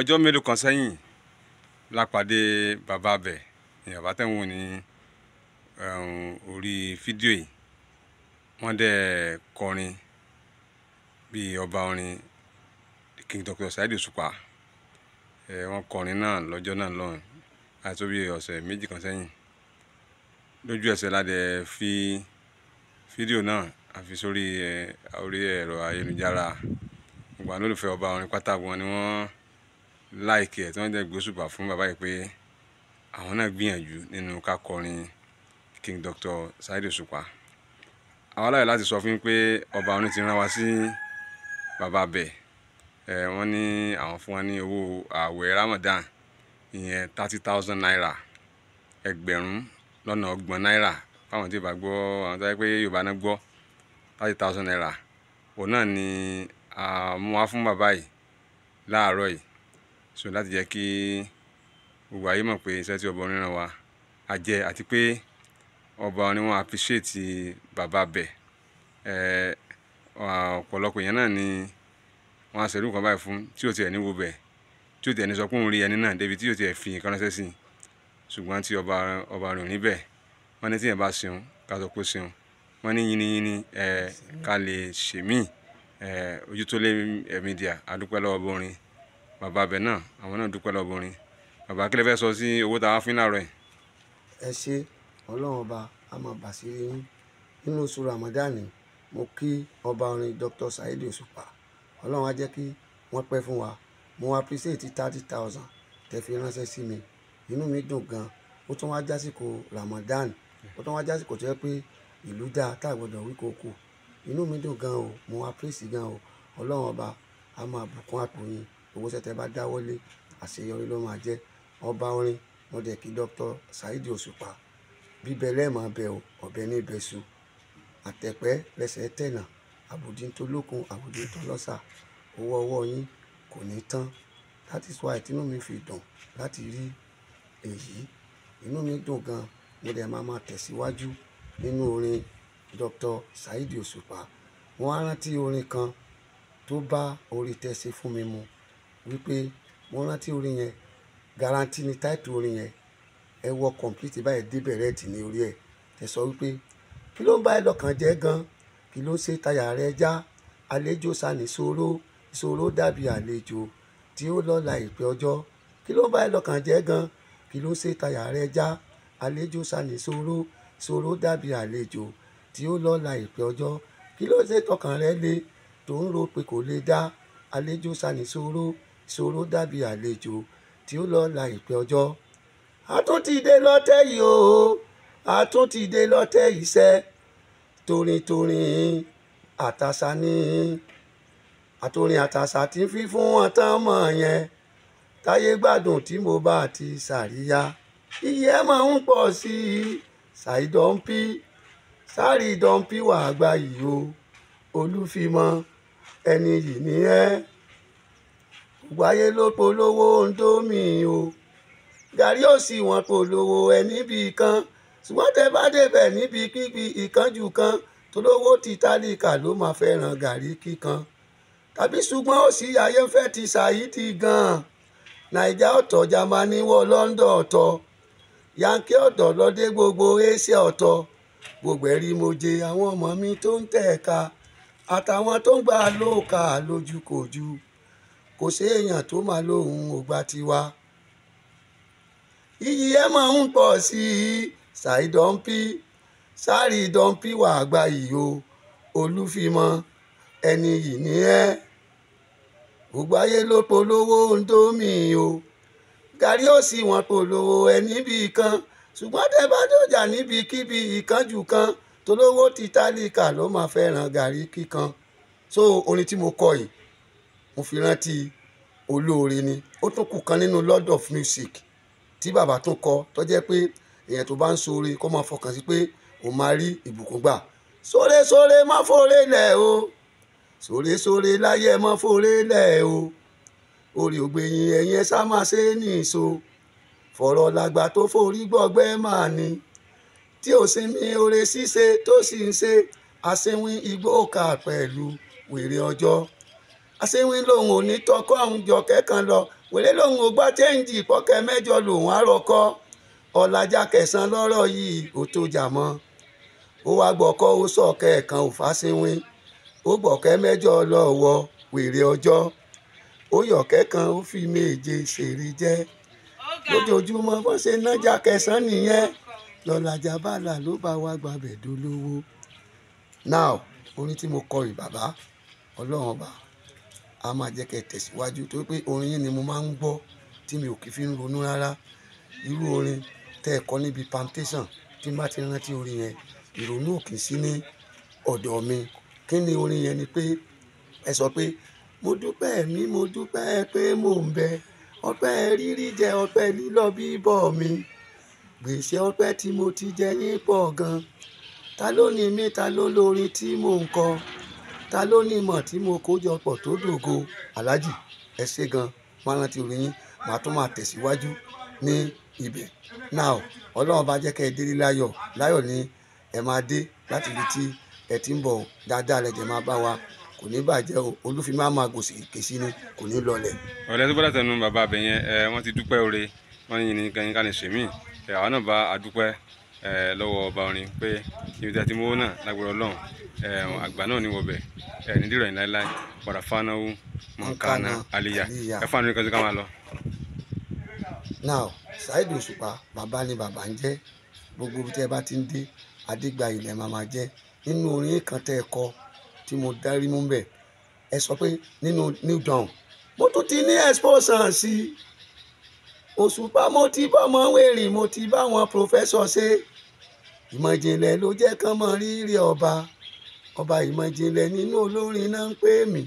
ọjọ́ mélòó kan sẹ́yìn la pàdé bàbá abẹ ní bàbá tẹ̀ ń wò ní orí fídíò yìí wọ́n dẹ̀ kọrin bíi ọba orin King Dr. Saheed Òṣùpá wọ́n kọrin náà lọ́jọ́ náà lọ́hùn àti bí ọ̀sẹ̀ méjì kan sẹ́yìn lójú ẹsẹ̀ la dẹ̀ fi fídíò náà àfi sórí orí ẹ̀rọ ayélujára gbogbo àwọn olólùfẹ́ ọba orin pátá gbọ́n ni wọ́n láìkì ẹ̀ tí wọ́n dẹ̀ gbóṣùbà fún bàbá yìí pé àwọn náà gbìyànjú nínú ká kọrin King Dr. Saheed Òṣùpá àwọn aláyọ̀ láti sọ fún yín pé ọba orin ti rán wa sí bàbá bẹ̀ ẹ wọ́n ní àwọn fún wa ní owó ààwẹ̀ Ramadan ìyẹn thirty thousand naira ẹgbẹ̀rún lọ́nà ọgbọ̀n náírà fáwọn tí ìbá gbọ́ àwọn tó yẹ pé Yorùbá náà gbọ́ thirty thousand naira òun náà ni àmúwá fún bàbá yìí láàárọ̀ yìí so láti jẹ́ kí gbogbo ayé mọ̀ pé iṣẹ́ tí ọba oníran wa á jẹ́ àti pé ọba ni wọ́n appreciate bàbá bẹ̀ ọ̀pọ̀lọpọ̀ èèyàn náà ni wọ́n á ṣerú nǹkan báyìí fún tí ò tiẹ̀ ní wo bẹ̀ tí ò tiẹ̀ ní sọ pé òun rí ẹni náà débi tí ò tiẹ̀ fi nǹkan ránṣẹ́ sí i ṣùgbọ́n tí ọba ọba rìn níbẹ̀ wọ́n ní tíyẹn bá ṣeun ká sọ pé ṣeun wọ́n ní yínníyínní ká lè ṣèmí ojú tó lé media àdúpẹ́ lọ́wọ́ bọ́rin bàbá abẹ náà àwọn náà dúpẹ́ lọ́bọrin bàbá kílẹ̀ fẹ́ sọ sí owó tá a fún láàárọ̀ yìí. ẹ ṣe ọlọ́run ọba a máa bà sí rí yín nínú oṣù ramadani mo kí ọba orin dr saheed òṣùpá ọlọ́run á jẹ́ kí wọ́n pẹ́ fún wa mo appreciate thirty thousand tẹ́ fi ránṣẹ́ sí mi inú mi dùn gan ó tún wá jásìkò ramadan ó tún wá jásìkò tó yẹ pé ìlú dáa tá a gbọdọ̀ wí kókó inú mi dùn gan o mo appreciate gan o ọlọ́run ọba a máa bùkún àpò yín owó sẹ́tẹ̀ bá dáwọ́lé àṣeyọrí ló máa jẹ́ ọba orin wọn dẹ̀ kí Dr. Saheed Òṣùpá bíbẹ lẹ́ẹ̀mọ́ abẹ o ọ̀bẹ ní ìbẹ̀sù àtẹ̀pẹ́ lẹ́sẹ̀ tẹ̀nà àbùdí tó lókun àbùdí tó lọ́sà owó ọwọ́ yín kò ní tán that is why tínú mi fi dùn láti rí èyí inú mi dùn gan mo dẹ̀ máa máa tẹ̀síwájú nínú orin Dr. Saheed Òṣùpá wọn á rántí orin kan tó bá orí tẹ́ ṣe fún mi mu wípé mo rántí orin yẹn guarantee ni táìtù orin yẹn ẹ wọ complete báyìí dé bẹ̀rẹ̀ tì ní orí ẹ̀ ẹ sọ wípé kí ló ń bá ẹlọ́kàn jẹ́ gan kí ló ń ṣe tayà rẹ já àlejò sani ìṣòro ìṣòro dàbí àlejò tí ó lọ́la ìpè ọjọ́ kí ló ń bá ẹlọ́kàn jẹ́ gan kí ló ń ṣe tayà rẹ já àlejò sani ìṣòro ìṣòro dàbí àlejò tí ó lọ́la ìpè ọjọ́ kí ló ń ṣe tọkàn rẹ le tó ń ro pé kò lè dá àlejò sani ìṣòro ìṣòro dàbí àlejò tí ó lọ la ìpẹ́ ọjọ́. a tún ti dé lọ́tẹ̀ yìí o a tún ti dé lọ́tẹ̀ yìí sẹ́ torintorin àtàṣà ní àtòrin àtàṣà tí fi fún wọn mọ̀ yẹn táyé gbádùn tí mo bá ti ṣàríyá iye ẹ máa ń pọ̀ sí i ṣàìdọ́ńpì ṣàrídọ́ńpì wàá gbà yìí o olúfimọ ẹni yìí ni ẹ́. Eh? buhari ló polówó ndomi o gàrí ò sì wọ́n polówó ẹ̀ níbi kan ṣùgbọ́n tẹ bá débẹ̀ níbi kíbi ìkanjú kan tolówó ti tálíkà ló máa fẹ́ràn gàrí kíkan tàbí ṣùgbọ́n ó sì ayé fẹ́ ti ṣàyídì gan-an nàìjà ọ̀tọ̀ jamani wọ london ọ̀tọ̀ yankee ọ̀dọ̀ lọ́dẹ gbogbo asia ọ̀tọ̀ gbogbo ẹ̀rí moje àwọn ọmọ mi tó ń tẹ̀ka àtàwọn tó ń gbà lóòkà lójúkojú kò séèyàn tó máa lóhun ò gba tiwa. iyì ẹ máa ń pọ̀ sí i ṣàìdọ́ńpì ṣàrìdọ́ńpì wà gba ìyó olúfimọ ẹni yìí ní ẹ́ gbogbo ayé ló polówó ndómi o gàrí ó sì wọn polówó ẹ níbi kan ṣùgbọ́n tẹ bá dọ̀jà níbi kíbi ìkanjú kan tolówó ti tálíkà ló máa fẹ́ràn gàrí kíkan so orin tí mo kọ yìí mo fi rántí olóore ni ó tún kù kan nínú lord of music tí bàbá tún kọ tó jẹ́ pé èèyàn tó bá ń ṣoore kó máa fọkàn sí pé òun máa rí ìbùkún gbà sóre sóre má fòrè lẹ̀ o sóre sóre láyé má fòrè lẹ̀ o orí ògbẹ̀yìn ẹ̀yìn ẹ̀ sá máa ṣe é nìṣó fọ̀rọ̀ làgbà tó forí gbọ̀gbẹ́ máa ní tí ò sinmi oore ṣíṣe tó sì ń ṣe àṣewín igbó kà pẹ̀lú wèrè ọjọ́ aṣẹ́wín lòun ò ní tọkọ́ òun jọ kẹ́kan lọ wèrè lòun ò gbá chẹ́ǹjì pọ́kẹ́ mẹ́jọ lòun àròkọ́ ọ̀làjà kẹsàn lọ́rọ̀ yìí ò tó jà mọ́ ó wá gbọ́kọ́ ó sọ̀kẹ́ ẹ̀kan ò fáṣẹ́wín ó gbọ̀kẹ́ mẹ́jọ lọ́wọ́ wèrè ọjọ́ ó yọ̀kẹ́ kan ó fi méje ṣèrè jẹ́ lójoojúmọ́ bó ṣe nájà kẹsàn nìyẹn lọ́làjà bàlà ló bá wá gbàbẹ̀ dolówó now orin tí mo kọ yìí bàbá ọlọ́run ọba a máa jẹ́ kẹ́ tẹ̀síwájú torí pé orin yín ni mo máa ń gbọ́ tí mi ò kì í fi ń ronú rárá irú orin tẹ́ ẹ níbi plantation tí n bá ti rántí orin yẹn ìrònú ò sí ní ọ̀dọ̀ mi kí ni orin yẹn ni pé ẹ sọ pé mo dúpẹ́ mi mo dúpẹ́ pé mò ń bẹ ọpẹ́ rírí jẹ ọpẹ́ lílọ bíbọ̀ mi gbèsè ọpẹ́ tí mo ti jẹ yín pọ̀ gan ta ló ní mi ta ló lórin tí mò ń kọ ta ló ní ìmọ̀ tí mo kó jọ pọ̀ tó dògo aláàjì ẹ ṣe gan máa rántí orí yín màá tún máa tẹ̀síwájú ní ibẹ̀ náà ọlọ́run bá jẹ́ kẹ́ ẹ délé láyọ̀ láyọ̀ ni ẹ máa dé láti ibi tí ẹ ti ń bọ̀ dáadáa lẹ́jẹ̀ máa bá wa kò ní bàjẹ́ o olúfin máa ma gòsì kèsì ni kò ní lọlẹ̀. ọ̀rẹ́ tó bọ́dọ̀ tẹnu bàbá abẹ wọ́n ti dúpẹ́ oore wọ́n ní yìnyín kan ká lè ṣèmí àwọn náà bá a dúpẹ́ lọ́wọ́ ọba orin pé ibi tí a ti mú owó náà lágbára ọlọ́run àgbà náà ní wọbẹ̀ nídìrọ̀ yìí láéláé àlìyà ẹ àwọn ìkànnì ká máa lọ. now Saheed Òṣùpá bàbá ni bàbá ń jẹ́ gbogbo ibi tí ẹ bá ti ń dé adégbà ilẹ̀ máa jẹ́ nínú orin kan tẹ́ ẹ kọ tí mo dárí mú bẹ̀ ẹ sọ pé nínú new dawn mo tún ti ní expulsion sí Òṣùpá mo ti bá wọn wèrè mo ti bá wọn professor ṣe ìmọ̀jìnlẹ̀ ló jẹ́ kán mọ rírì ọba ọba ìmọ̀jìnlẹ̀ nínú olórin náà ń pè mí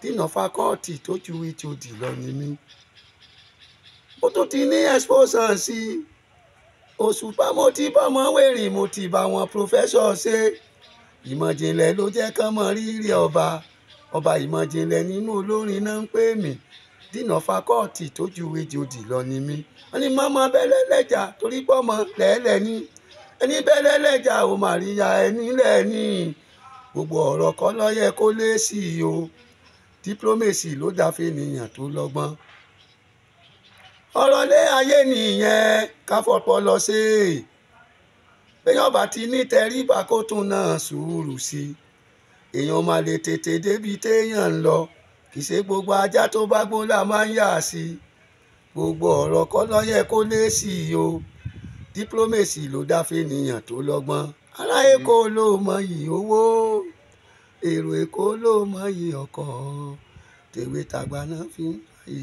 dínà fakọ́ọ̀tì tó ju ìtòdì lọ ni mí. mo tún ti ní exposure sí i òṣùpá mo ti bá wọn wẹ̀rìn mo ti bá wọn professor ṣe ìmọ̀jìnlẹ̀ ló jẹ́ kán mọ rírì ọba ọba ìmọ̀jìnlẹ̀ nínú olórin náà ń pè mí dínà fakọ́ọ̀tì tó ju ìtòdì lọ ni mí. wọ́n ní mọ́mọ́ bẹ́lẹ́ lẹ́jà torí pọ́mọ lẹ́ẹ̀lẹ́ ní ẹni bẹ́lẹ́ lẹ́jà ò mà rí ya ẹni lẹ́ni gbogbo ọ̀rọ̀ kọ́ ló yẹ kó lé sí i o diplomacy ló dáa fẹ́nìyàn tó lọ́gbọ́n ọ̀rọ̀ lé ayé nìyẹn káfọ́pọ́ lọ sí i bẹ́yàn bá ti ní tẹríba kó tún náà sùúrù sí i èèyàn máa lè tètè débi téèyàn ń lọ kì í ṣe gbogbo ajá tó bá gbó la máa ń yà sí i gbogbo ọ̀rọ̀ kọ́ ló yẹ kó lé sí i o diplomacy ló dáfẹ́ nìyàn tó lọ́gbọ́n ará èkó ló mọyì owó èrò èkó ló mọyì ọkọ̀ tèwe tàgbà náà fi ń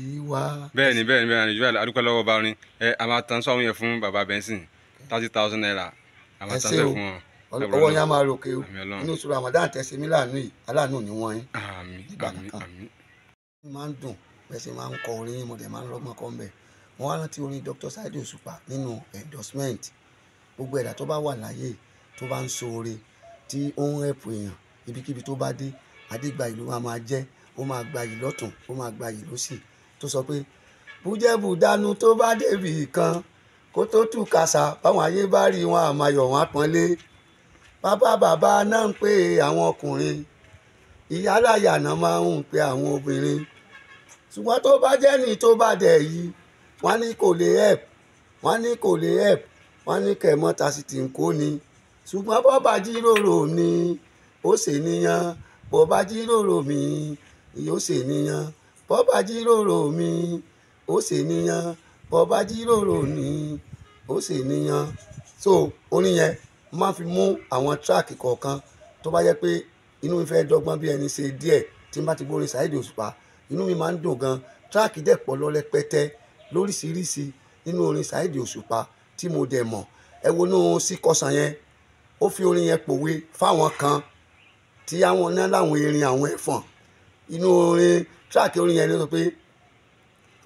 yí wa. bẹ́ẹ̀ni bẹ́ẹ̀ni bẹ́ẹ̀ni àníjú àdúgbò lọ́wọ́ bá rin ẹ a máa tan sọhún yẹn fún baba benson thirty thousand naira a máa tan sọhún fún wọn. ọwọ́ yẹn a máa ròkè o inú sùúrù Ramadan tẹ̀sí mi láàánú yìí aláàánú ni wọ́n yín. àmín àmín àmín. máa ń dùn bẹ́ẹ̀ sì máa ń kọ mo dẹ̀ máa ń lọ́gbọ́n kọ́ ń wọ́n á rántí orin Dr. Saheed Òṣùpá nínú endorsement gbogbo ẹ̀dá tó bá wà láyé tó bá ń ṣoore tí ó ń rẹ̀pù èèyàn ibikíbi tó bá dé adégbà ìlú máa máa jẹ́ ó máa gba yìí lọ́tún ó máa gba yìí lọ́sì tó sọ pé bùjẹ́bù dánú tó bá débì kan kó tó tù kàṣà báwọn ayé bá rí wọn àmàyọ̀ wọn pọ́nlé bàbá bàbá náà ń pè àwọn ọkùnrin ìyá náà máa ń pè àwọn obìnrin ṣùgbọ́n tó bá jẹ́ ní tó bá dẹ̀ yìí wọ́n á ní kò lè help wọ́n á ní kò lè help wọ́n á ní kẹ̀mọ́ta sì ti ń kó ni ṣùgbọ́n bó bá jíròrò ni ó ṣe níyan bó bá jíròrò mi yóò ṣe níyan bó bá jíròrò mi ó ṣe níyan bó bá jíròrò ni ó ṣe níyan so orin yẹn máa fi mú àwọn track kọ̀ọ̀kan tó bá yẹ pé inú mi fẹ́ dọ́gbọ́n bí ẹni ṣe díẹ̀ tí n bá ti gbórin Saheed Òṣùpá inú mi máa ń dùn gan track dẹ̀ pọ̀ lọ lóríṣiríṣi nínú orin Saheed Òṣùpá tí mo dẹ̀ mọ̀ ẹ wonú síkọsàn yẹn ó fi orin yẹn pòwe fáwọn kan tí àwọn náà láwọn erin àwọn ẹ̀fọ̀n inú orin tíráàkì orin yẹn ló sọ pé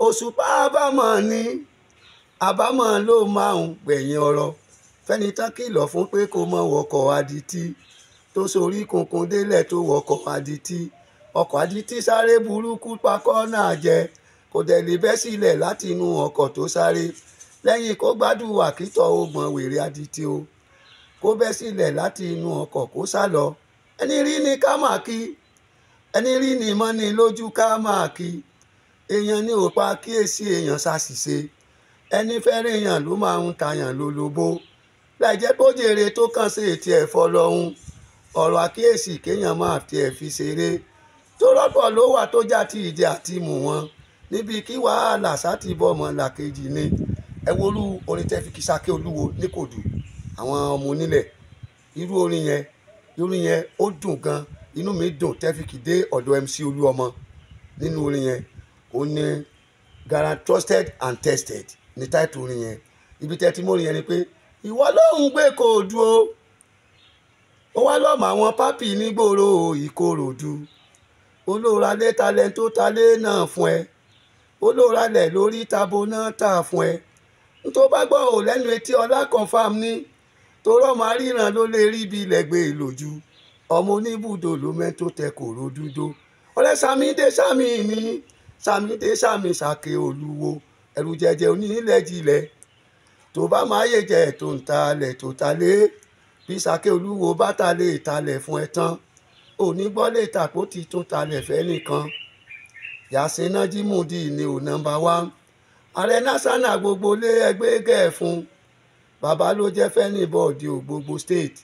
Òṣùpá àbámọ̀ ni àbámọ̀ ló máa ń gbẹ̀yìn ọ̀rọ̀ fẹ́ni tán kìlọ̀ fún pé kó mọ wọkọ̀ adití tó sorí kunkun délẹ̀ tó wọkọ̀ adití ọkọ̀ adití sáré burúkú pakọ́ náà jẹ kò dẹ̀ lè bẹ́ sílẹ̀ láti inú ọkọ̀ tó sáré lẹ́yìn kó gbádùn àkítọ̀ ọgbọ̀n wèrè adití o kó bẹ́ sílẹ̀ láti inú ọkọ̀ kó sá lọ ẹni rí ni ká máa kí ẹni rí ni mọ́ ni lójú ká máa kí èèyàn ní òpa kíyèsí èèyàn ṣàṣìṣe ẹni fẹ́rẹ̀ èèyàn ló máa ń tayàn lólobó láì jẹ́ kó jèrè tó kàn sí ètí ẹ̀fọ́ lọ́hùn ọ̀rọ̀ àkíyèsí kéèyàn máa tiẹ̀ fi ṣeré tó rọ́pọ̀ ló wà tó já ti ìdí àti mú wọn níbi kí wàhálà sátì bọ́ ọmọ làkejì ni ẹ wolú orin tẹ́ fi Kisake Olúwo ní Ìkòdù àwọn ọmọ onílẹ̀ irú orin yẹn orin yẹn ó dùn gan inú mi dùn tẹ́ fi kì dé ọ̀dọ̀ MC Olúọmọ nínú orin yẹn ó ní guaranteed trusted and tested ní táìtù orin yẹn ibi tẹ́ ti mú yẹn ni pé ìwọ lóhùn gbé kò dúró ó wá lọ́mọ àwọn pápì nígboro ìkòròdú olóra lẹ́talẹ́ tó talẹ́ náà fún ẹ ó ló ralẹ̀ lórí tabo náà tà fún ẹ tó bá gbọ́ ò lẹ́nu etí ọlá confam ní torọ́ máa ríran ló lè rí ibi ilẹ̀gbẹ́ ìlòjú e ọmọ oníbùdó ló mẹ́ tó tẹ kòró Sami ọ̀rẹ́ sami sàmì ní sàmídé sàmì sàkè olúwo ẹ̀rù jẹjẹ onílẹ̀ jilẹ̀ tó bá máa yé jẹ tó ń ta alẹ̀ tó ta lé bí sàkè olúwo bá ta lè talẹ̀ fún ẹ tán òní gbọ́ lè tàpó ti tún talẹ̀ fẹ́ nìkan yàsínà jímùdí ni ò nọ́mbà wá ààrẹ násánà gbogbo lé ẹgbẹ́ gẹ̀ẹ́fun bàbá ló jẹ́ fẹ́ni bọ́ọ̀dì ògbógbò state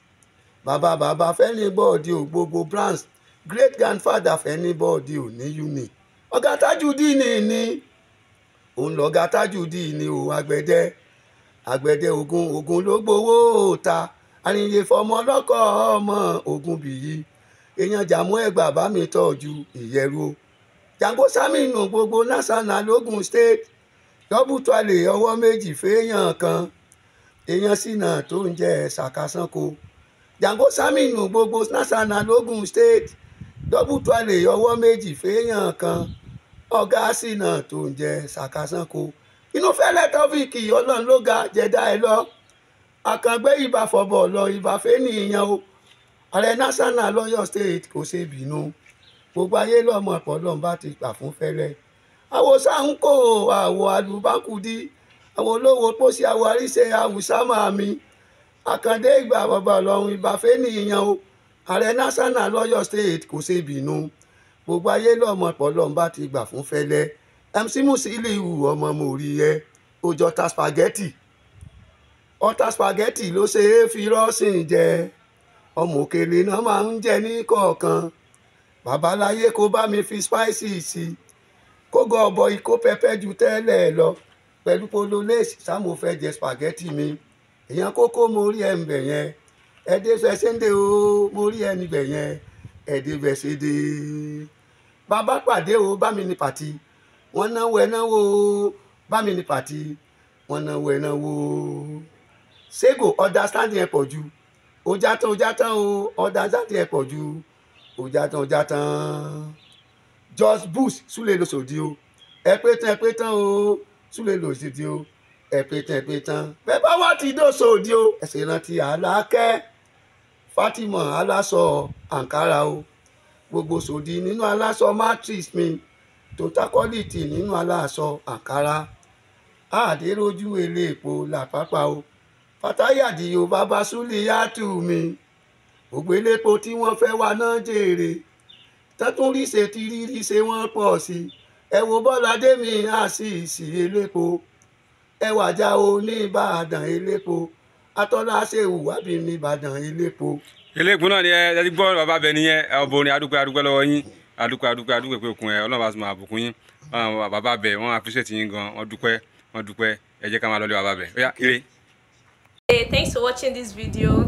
bàbá bàbá fẹ́ni bọ́ọ̀dì ògbógbò branch great grandfather fẹ́ni bọ́ọ̀dì òní uni ọ̀gá Tajudeen ni òun lọ́gá Tajudeen o agbẹ̀dẹ agbẹ̀dẹ ogun ogun ló gbowó ta àrìnyè fọmọ ọlọ́kọ̀ ọmọ ogun bìyí èèyàn jàmú ẹgbàá bá mi tọ́jú ìyẹ́rú o. Jàǹkó Sámìnù gbogbo national logun state double twale ọwọ́ méjì fèèyàn kan èèyàn sínà tó ń jẹ ṣàkàṣànkò Jàǹkó Sámìnù gbogbo national logun state double twale ọwọ́ méjì fèèyàn kan ọ̀gá sínà tó ń jẹ ṣàkàṣànkò inú fẹ́lẹ́ tọ́fíìkì ọlọ́run ló ga jẹ̀dá ẹ lọ àkàngbé ìbàfọ̀bọ̀ lọ ìbàfẹ́ nìyẹn o ààrẹ national lọ́yọ̀ state kò ṣe bínú. No gbogbo ayé lọ́mọ ọ̀pọ̀lọ́n bá ti gbà fún fẹ́lẹ́ àwo sáńkò àwo àlùbákùdí àwo olówó pósí àwo àríṣe àwùsámà mi àkàndé ìgbà bàbá ọlọ́run ìbàfẹ́ nìyẹn o ààrẹ nasana lọ́yọ̀ state kò ṣe bínú gbogbo ayé lọ́mọ ọ̀pọ̀lọ́n bá ti gbà fún fẹ́lẹ́ mc musiliu ọmọ mòrí yẹ ọjọ́ ta spaghetti ọta spaghetti ló ṣe é fi rọ́ọ̀sìn jẹ ọmọ òkèlè náà máa ń jẹ ní kọ̀ọ̀kan babaláyé kó bá mi fi spáìsì sí i kó gọ ọbọ ikó pẹpẹ ju tẹ́lẹ̀ lọ pẹ̀lú polonaise sáàmù fẹ́ jẹ spaghetti mi èèyàn kókó mo rí ẹ̀ ń bẹ̀ yẹn ẹ̀dẹ́ fẹsẹ̀ǹdẹ̀ o mo rí ẹ̀ níbẹ̀ yẹn ẹ̀dẹ́ fẹsẹ̀ǹdẹ̀ bàbá pàdé o bá mi ní pàtì wọ́n náwó ẹ̀ náwó o bá mi ní pàtì wọ́n náwó ẹ̀ náwó o ṣégo ọ̀dà standing ẹ̀ pọ̀ ju ọjà tán ọjà tán o ọ̀dà standing ẹ̀ pọ̀ ju ọjà tán ọjà tán George Bush súlẹ̀ lọ́sọ̀dí o ẹ pé tán ẹ pé tán o súlẹ̀ lọ́sọ̀dí o ẹ pé tán ẹ pé tán bẹ́ẹ̀ bá wá ti dọ́sọ̀dí o ẹ̀sìn ìrántí àlàkẹ́ Fatima aláṣọ Ankara o gbogbo sòdí nínú aláṣọ matrix mi tòtákọ́lìtì nínú aláṣọ Ankara àdérójú èlé èpo làpápá o fàtáyàdì yorùbá bá súlẹ̀ yàtù mi ògbélépo tí wọ́n fẹ́ wá náà jèrè tẹ́tún ti rírí ṣe wọ́n pọ̀ sí ẹ wo bọ́lá dẹ́mi àṣìṣì elépo ẹ wàjà oníbàdàn elépo atọ́lá ṣe ìwádìí oníbàdàn elépo. elépo náà ni ẹ ẹ ti gbọ́ bàbá bẹ nìyẹn ọbọ ni adúpẹ́ adúpẹ́ lọ́wọ́ yín adúpẹ́ adúpẹ́ adúpẹ́ pé okun ẹ ọlọ́run bá sọmọ àbùkún yín bàbá bẹ wọ́n appreciate yín gan wọ́n dúpẹ́ wọ́n dúpẹ́ ẹ jẹ́ ká máa lọ lé bàbá bẹ ó yá ire. Hey, thanks for watching this video.